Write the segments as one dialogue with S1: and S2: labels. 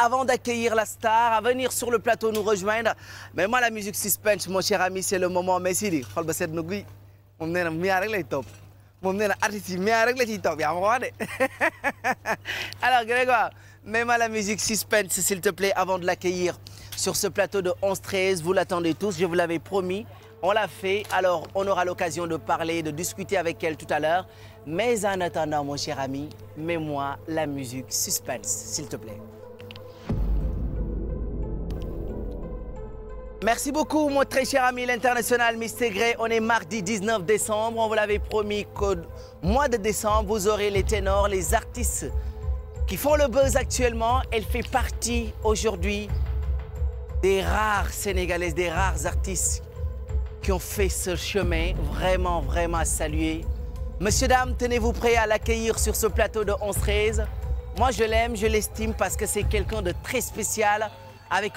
S1: avant d'accueillir la star sur le plateau nous rejoindre mais la musique suspense mon cher ami c'est le moment mais Sidi xol ba seet na guy moom lay topp moom nee rek la ciy topp yaa ma ko wax de la musique suspense s'il te plaît avant de l'accueillir sur ce plateau de 11-13 vous l'attendez tous je vous l'avais promis on l'a fait alors on aura l'occasion de parler de discuter avec elle tout à l'heure mais en attendant mon cher ami mets la musique suspense s'il te plaît Merci beaucoup mon très cher ami l'international Miss Tigré. On est mardi 19 de décembre, vous aurez les ténors, les artistes qui font le actuellement. Elle fait partie aujourd'hui des des rares artistes qui Vraiment, vraiment salué. Monsieur, dame, tenez de 11-13. Moi, je l'aime, parce que c'est quelqu'un de très spécial avec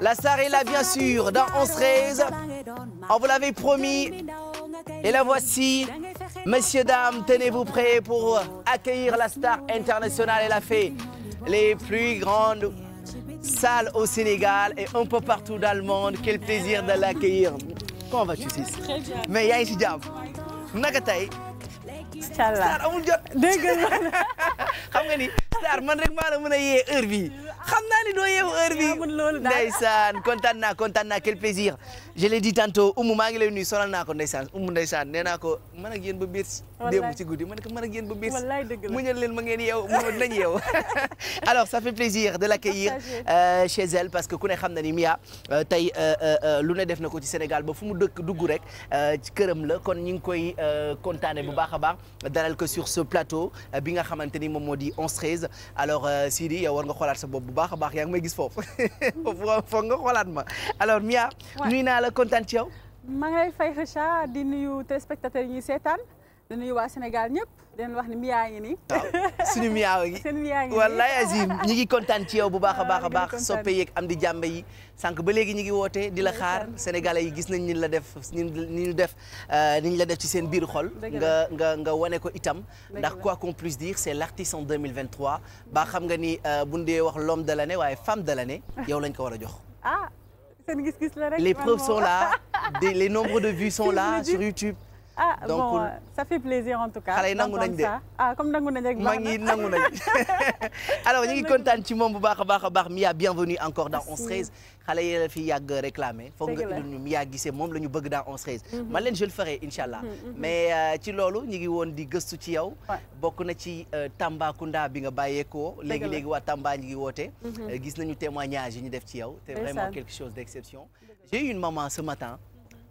S1: La star est là, bien sûr, dans On vous l'avait promis. Et la voici. Messieurs, dames, tenez-vous prêts pour accueillir la star internationale. Elle a fait les plus grandes salles au Sénégal et un peu partout dans le monde. Quel plaisir de l'accueillir. Comment vas-tu, Ciss? star amul jot. dégg nga xam ni star xam naa ne doo yeewu heure bi ndeysaan kontaan naa kontaan naa quel plaisir je l'ai dit tantôt Oumou maa ngi lay nuyu sonal naa ko ndeysaan Oumou ndeysaan nee ko man ak yéen biir si démb ci guddi man ak man ak biir mu ñal ma ngeen yeew mu dinañ yeew alors ça fait plaisir de l'accueillir euh, chez parce que ku ne xam na ni Mia euh, tey euh, euh, lu ne def na ko ci Sénégal ba fu mu dëkk dugg rek ci këram la kon ñu ngi koy kontaane bu baax a baax dalal ko sur ce plateau bi nga xamante ni moom moo di 11-13 alors Sidi yow war nga xoolaat sa bop bu baax a baax yaa may gis foofu ma la kontaan ci yow.
S2: maa ngi lay fay Kheucha di nuyu téléspectateurs yi ñuy seetaan di nuyu waa Sénégal ñëpp di leen wax ni miyaa ngi nii.
S1: suñu miyaa ngi seen miyaa ngi wallaay Azim ñu ngi kontaan ci yow bu baax a baax a baax soppe yeeg am di jàmbe yi sànq ba léegi ñu ngi woote di la xaar sénégalais yi gis nañ ni la def ni def euh, ni ñu la def ci seen biir xol. nga nga nga wane ko itam. ndax quoi qu'on puisse dire c'est l'artiste en 2023 ba xam nga ni euh, bu ñu dee wax l'homme de waaye femme de l'année yow lañ ko war a jox.
S2: Ah, seen gis-gis la rek les preuves sont là
S1: des les nombres de vues sont là sur YouTube. ah donc, bon euh,
S2: ça fait plaisir en yi nangu nañ ah comme nangu nañ rek. maa ngi nangu nañ
S1: alors ñu ngi kontaan ci moom bu baax a baax a baax Mia bienvenue encore dans 11-13. xale yi la fi yàgg réclamé foog nga indil ñu Mia Guissé moom la ñu bëgg dans 11-13. Mhm. man leen je le ferai allah. Mhm, mhm. mais euh, ci loolu ñu ngi woon di gëstu ci yow. bokk na ci euh, Tambacounda bi nga bàyyeekoo. dëgg léegi léegi waa Tamba ñu ngi woote. Euh, gis nañu témoignage yi ñu def ci yow. c'est vraiment quelque chose d'exception. j'ai eu une maman ce matin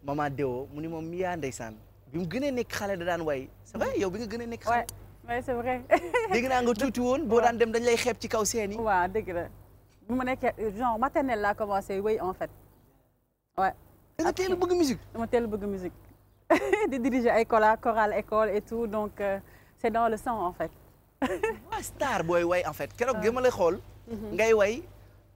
S1: maman Deo mu ni moom Mia ndeysaan bi mu gënee nekk xale da daan way c'est vrai yow bi nga gënee nekk xale. oui c'est vrai. dégg naa nga tuuti woon boo daan dem dañ lay xeeb ci kaw seeni waa waaw dëgg
S2: la bu ma nekkee la maternelle laa way en fait. waaw. da nga teel a bëgg musique. dama teel a bëgg musique di diriger ay chorale chorale école et tout donc euh,
S1: c'est dans le sang en fait. star booy way en fait keroog gi ma lay xool. Mhm. ngay way.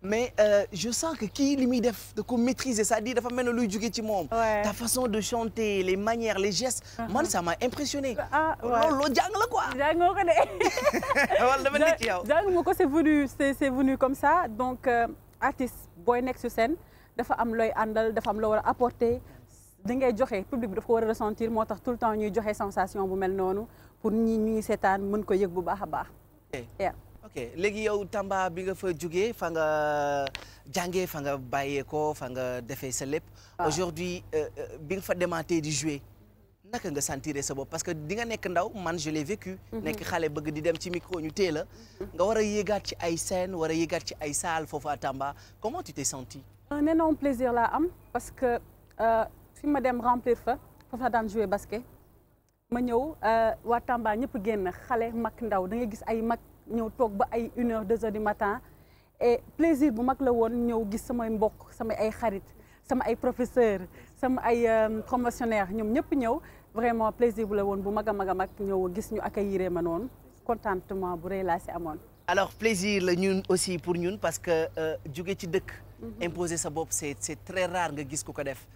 S1: mais euh, je sens que kii li muy def da ko maîtriser cest à dafa mel ne luy jóge ci moom. ta façon de chanter les manières les gestes. Uh -huh. man ça m'a impressionné. ah waaw oh, loolu jàng la quoi. jàngoo ko de. wala yow. jàng ma ko c'est venu c'est c'est
S2: comme ça donc euh, artiste booy nekk sur scène dafa am looy àndal dafa am loo war apporter da ngay joxe public bi daf ko war a moo tax tout le temps ñuy joxe sensation bu mel noonu pour ñu ñuy seetaan mën ko yëg bu baax a baax.
S1: ok léegi yow Tamba bi nga fa jógee fa nga jàngee fa nga bàyyeekoo fa nga defee sa lépp. Ah. aujourd'hui euh, euh, bi fa demaatee di jouer naka nga sentir sa bopp parce que di nga nekk ndaw man je l'ai vécu. Mhm. nekk xale bëgg di dem ci micro ñu téye la. Mhm. nga war a yéegaat ci ay scène war a yéegaat ci ay salle foofa à Tamba comment tu t'es senti.
S2: un énorme plaisir laa am parce que euh, fi ma dem remplir fa foofu laa daan jouer basket ma ñëw waa Tamba ñëpp génn xale mag ndaw da gis ay mag. ñëw toog ba ay une heure deux heures du matin et plaisir bu mag la woon ñëw gis samay mbokk samay ay xarit sama ay professeur sama ay euh, promotionnaire ñoom ñëpp ñëw vraiment plaisir bu la woon bu mag a mag a mag ñëw gis ñu accueillir ma noonu contentement bu rëy laa si amoon
S1: alors plaisir la ñun aussi pour ñun parce que euh, jóge ci dëkk mhm. imposer sa bopp c'est c'est très rare nga gis ku ko def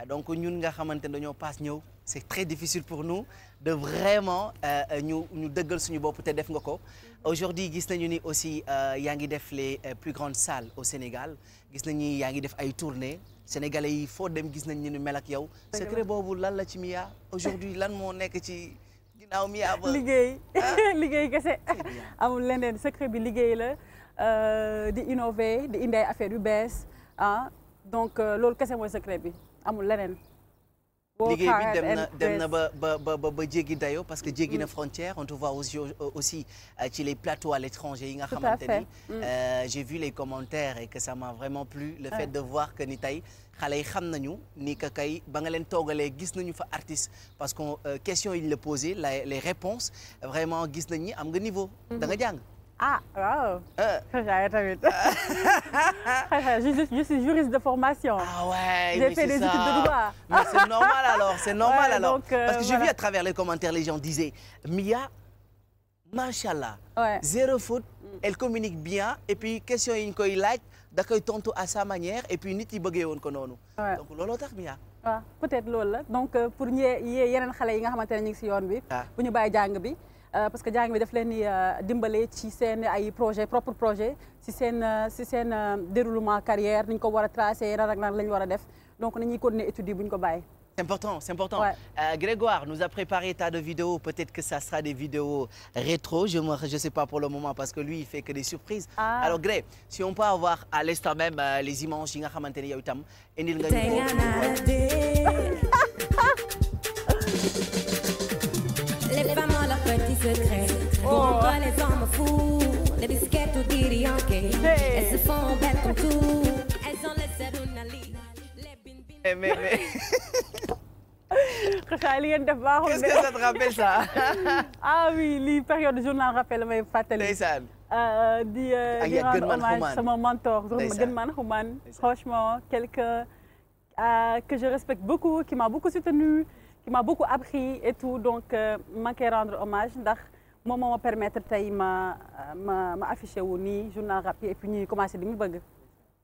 S1: Euh, donc ñun nga xamante ne dañoo paas ñëw c'est très difficile pour nu de vraiment euh, euh, ñu ñu dëggal suñu bopp te def nga ko aujourd'hui gis nañu ni aussi yaa ngi def les plus grandes salles au Sénégal gis nañu yaa ngi def ay tournées sénégalais yi foo dem gis nañ ñu ni mel ak yow secret boobu lan la ci Mia aujourd'hui lan moo nekk ci ginnaaw Mia
S2: ba liggéey ah. liggéey kese amul leneen secret bi liggéey la di innover di indi ay affaires yu bees ah donc loolu kese mooy secret bi amul leneen. liggéey bi dem na dem na
S1: ba ba ba ba jéggi dayo parce que jéggi na frontière on te voit euh, aussi aussi euh, ci les plateaux à l'étranger yi nga xamante ni mm. euh, j'ai vu les commentaires et que ça m'a vraiment plu le fait de voir que ni tey xale yi xam nañu ni que kay ba nga leen toogalee gis nañu fa artiste parce que question yi ñu la posé les réponses vraiment gis nañ ni am nga niveau mm-hmm. da nga ah waaw. xëy euh.
S2: euh. de formation. ah
S1: ouais j'ai fait des ça. études de droit. mais c'est normal alors c'est normal alors. Euh, parce que je vis à travers les commentaires les gens disaient Mia macha allah. Ouais. zéro faute. Mm. communique bien et puis question yi ñu koy laaj da koy tontu à sa manière et puis nit yi bëggee woon ko noonu. donc looloo tax Mia.
S2: waaw peut loolu la donc pour ñee yeneen xale yi nga xamante ne ñu ngi si yoon bi. Ah. bu ñu bàyyi jàng bi. Euh, parce que jàng bi daf leen di euh, dimbale ci seen ay projet propre projet si seen euh, seen déroulement carrière ni ñu ko war a tracé nan ak nan la ñu war a def donc nañuy continuer
S1: étudier bu ñu ko bàyyi. C'est important, c'est important. Grégoire nous a préparé tas de vidéos, peut-être que ça sera des vidéos rétro, je me je sais pas pour le moment parce que lui il fait que des surprises. Ah. Alors Gré, si on peut avoir à l'instant même les images yi nga xamante ne yow itam indil nga
S2: Elles se font belles comme tout. Elles ont les adonali.
S1: Les bébés.
S2: xanaa li ngeen def baaxul de. Qu'est-ce que ça te rappelle ça. ah oui lii période journal rappel la may fàttali. ndeysaan. Euh, di euh, di rendre hommage sama mentor. ndeysaan gën man xumaan franchement quelqu'un euh, que je respecte beaucoup qui m'a beaucoup soutenu qui m'a beaucoup appris et tout donc ma koy rendre hommage ndax. moom moo ma permettre tey ma ma ma affiché wu nii journal rap yi et puis ñuy commencé di mu bëgg.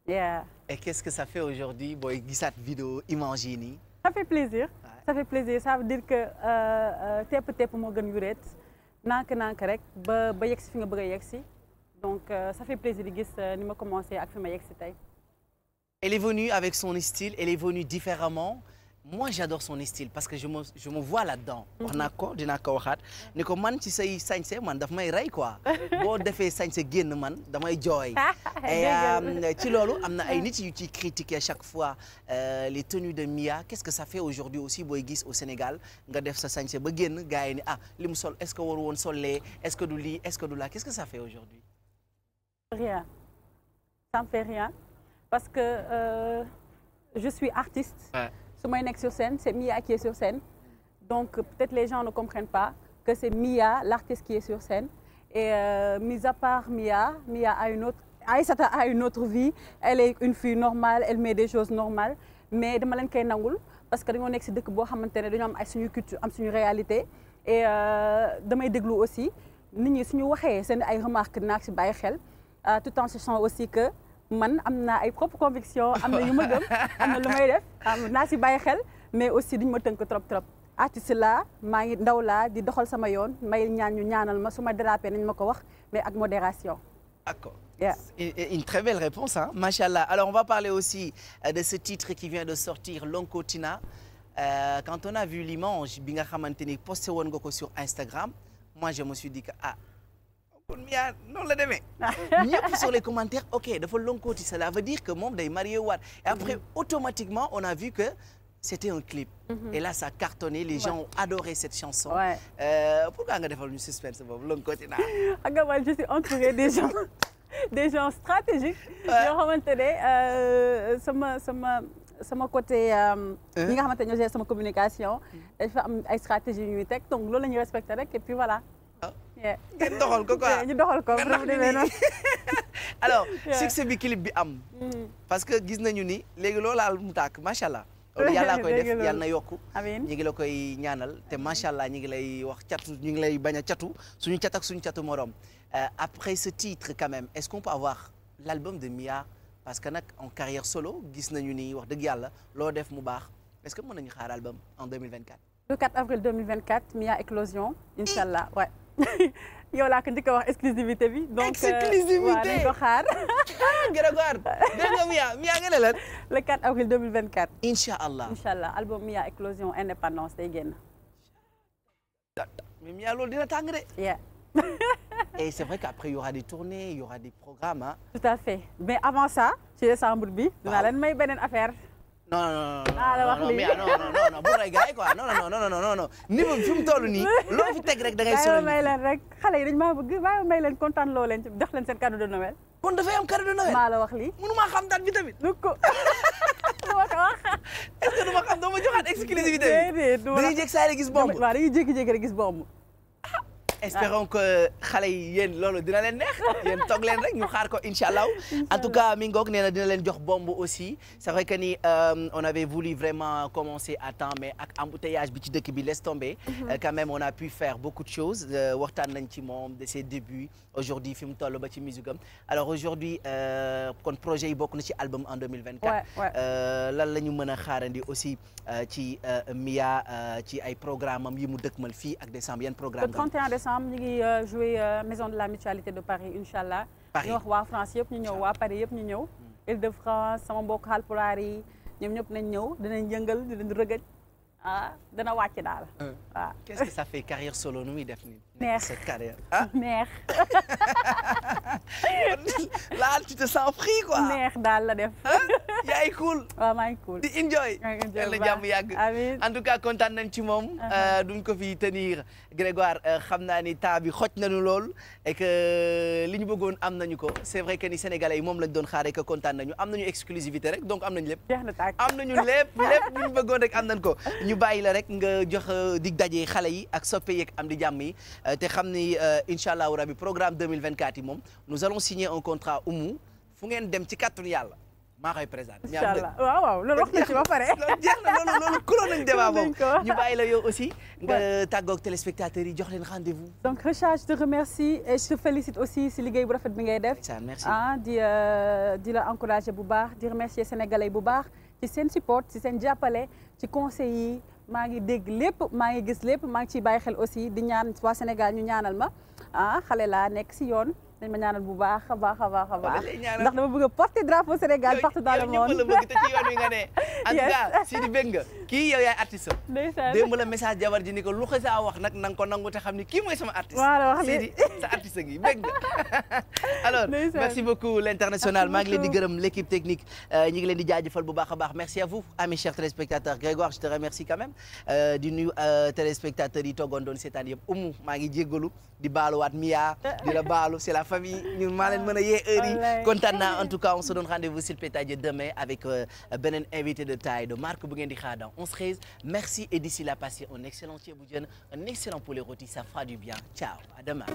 S1: e et qu'est-ce que ça fait aujourd'hui booy gisaat vidéo image yi nii.
S2: ça fait plaisir. Ouais. ça fait plaisir dire que euh, euh, tepp tepp moo gën yureet nank nank rek ba ba yegg si fi nga bëgg a yegg si donc euh, ça fait plaisir euh, ni ma commencé ak fi ma yegg si tey.
S1: elle est venue avec son style elle est venue différemment. moi j'adore son style parce que je me je me vois là-dedans. wax naa ko dinaa ko waxaat ni ko man ci say sañse man daf may rey quoi boo defee sañse génn man damay jooy.
S2: et euh,
S1: ci loolu am na ay nit yu ciy critiquer chaque fois euh, les tenues de Mia qu'est-ce que sa fait aujourd'hui aussi booy gis au Sénégal nga def sa sañse ba génn gars yi ni ah li mu sol est-ce que waru woon solee est-ce que du lii est-ce que du laa que ça fait aujourd'hui
S2: rien ça me fait rien parce que euh, je suis artiste. su may nekk sur scène c'est Mia qui est sur scène donc peut les gens ne comprennent pas que c'est Mia l'artiste qui est sur scène et euh, mis à part Mia Mia a une autre sata a une autre vie elle est une fille normale elle met des choses normales mais dama leen koy nangul parce que dañoo nekk si dëkk boo xamante ne dañoo am ay suñu culture am suñu réalité et euh, damay déglu aussi nit ñi suñu waxee seen ay remarques naag si bàyyi xel euh, tout en sachant aussi que man am naa ay propre conviction am na yu ma gëm am na lu may def naa si bàyyi xel mais aussi duñ ma tënk trop trop artiste la maa ngi ndaw laa di doxal sama yoon may ñaan ñu ñaanal ma su ma dérapé nañ ma ko wax mais ak modération
S1: d'accord Yeah. Une très belle réponse, hein? Alors, on va parler aussi euh, de ce titre qui vient de sortir, Lonkotina. Euh, quand on a vu l'image, bi nga xamante ni posté woon nga ko sur Instagram, moi je me suis dit ah, kon yaa noonu la demee ñëpp sur les commentaires ok dafa lonkooti cela veut dire que moom day marié waat et après mm -hmm. automatiquement on a vu que c'était un clip mm -hmm. et là ça a cartonné les ouais. gens ont adoré cette chanson ouais. euh, pourquoi nga defal ñu suspense boobu lonkooti naa
S2: nga ah, wal je suis entourée des gens des gens stratégiques yoo xamante ne euh, sama sama sama côté euh, ñi nga xamante ñoo sama communication mm-hmm. dafa am ay stratégie yu ñuy teg donc loolu la ñuy respecté rek et puis voilà
S1: ngeen doxal ko quoi ñu doxal ko ndax demee noonu alors succès bi clip bi am mm. parce que gis nañu ni léegi loolaal mu tàkk macha allah loolu yàllaa koy def yàlla na yokku amiin ñi ngi la koy ñaanal te macha allah ñi ngi lay wax catu ñi ngi lay bañ a catu suñu cat ak suñu catu morom euh, après ce titre quand même est-ce qu'on peut avoir l'album de Mia parce que nag en carrière solo gis nañu ni wax dëgg yàlla loo def mu baax est-ce que mën nañu xaar album en 2024
S2: le 4 avril 2024 Mia éclosion incha allah ouais.
S1: yow laa ko njëkk a wax exclusivité bi. donc euh, waaw nañu ko xaar.
S2: Ah, Grégoire Mia Mia nga ne lan. le 4 incha allah incha allah album Mia éclosion indépendance day génn. mais
S1: c'est vrai qu'après il y aura des tournées il aura des programmes
S2: tout à fait mais avant ça ci décembre bi. waaw dinaa leen may beneen affaire.
S1: non non non non mais non non non no bu rey no yi quoi non non non fi nii loo fi teg rek da ngay sonal may
S2: rek xale yi dañ maa bëgg waaye may leen kontaan loo leen ci jox leen seen cadeau de Noël kon dafay am cadeau de Noël
S1: maa la wax lii mënu maa xam date bi tamit du du ma xam doo ma joxaat exclusivité bi dañuy saa rek gis bomb
S2: waaw dañuy jékki-jékki rek gis bomb
S1: espérons que xale yi yéen loolu dina leen neex yéen toog leen rek ñu xaar ko incha allah en tout cas mi ngoog nee na dina leen jox bomb aussi sa vrai que ni euh, on avait voulu vraiment commencer à temps mais ak embouteillage bi ci dëkk bi les tomber mhm. euh, quand même on a pu faire beaucoup de choses euh, waxtaan nañ ci moom de ses débuts aujourd'hui fi mu toll ba ci musique am alors aujourd'hui kon projet yi bokk na ci album en 2024 lan la ñu mën a xaarandi aussi ci Mia ci ay programme am yi mu dëkkmal fii ak décembre yan
S2: décembre ñu ngi euh, jouer euh, maison de la mutualité de Paris incha allah. Paris ñu wax waa France yëpp ñu ñëw waa Paris yëpp ñu ñëw. Mm. Île de France sama mbokk Haalpulaar yi ñoom ñëpp nañ ñëw dinañ yëngal dinañ rëgëj ah dana wàcc daal euh, waaw.
S1: qu'est-ce que carrière solo nu muy def neex sa carrière
S2: ah neex. là tu te sens free quoi. neex daal la def. yaa ngi cool. waaw maa ngi cool
S1: di enjoy. yàlla jàmm yàgg. amiin en tout cas kontaan nañ ci moom. Euh, duñ ko fi tenir Grégoire euh, xam naa ni temps bi xoj nañu lool. et euh, li ñu bëggoon am nañu ko c' est vrai que ni sénégalais yi moom lañ doon xaar que kontaan nañu am nañu exclusivité rek donc am nañu lépp. jeex na am nañu lépp lépp ñu bëggoon rek am nañ ko. ñu bàyyi la rek nga jox dig daje xale yi ak soppe yeeg am di jàmm yi. Euh, te xam ni euh, incha allahu rabi programme 2024 yi moom nous allons signer un contrat umu fu ngeen dem ci kàttanu yàlla maa koy présenté. incha allah waaw waaw loolu wax na ci ba pare. la yow aussi. nga tàggoog yi jox leen rendez-vous.
S2: donc Recha je te remercie et je félicite aussi si liggéey bu rafet bi ngay def. merci ah di euh, di la encourager bu baax di remercier sénégalais bu baax ci seen support ci seen jàppale ci conseils yi. maa ngi dégg lépp maa ngi gis lépp maa ngi ciy bàyyi xel aussi di ñaan waa Sénégal ñu ñaanal ma ah xale laa nekk si yoon dañ ma ñaanal bu baax a baax a baax a baax ndax dama bëgg a porter drapeau Sénégal partout dans le monde yow ñëpp la bëgg te
S1: ci yoon si di bëgg kii yow yaay artiste am. ndeysaan démb la message jabar ji ni ko lu ko wax nag na nga ko nangu te xam ni kii mooy sama artiste. waaw wax dëgg gi bëgg nga. alors merci beaucoup l'international maa ngi leen di gërëm l'équipe technique euh, ñu ngi leen di jaajëfal bu baax a baax merci à vous amis chers téléspectateurs Grégoire je te remercie quand même euh, di nuyu euh, téléspectateurs yi toogoon doon seetaan yëpp umu maa ngi jéggalu di baaluwaat Mia di la baalu c'est la famille ñun maa leen mën a yee heure yi kontaan naa en tout cas bu ngeen di xaar 11-13. Merci et d'ici là, passez un excellent ceebu jën, un excellent poulet rôti, ça fera du bien. Ciao, à demain.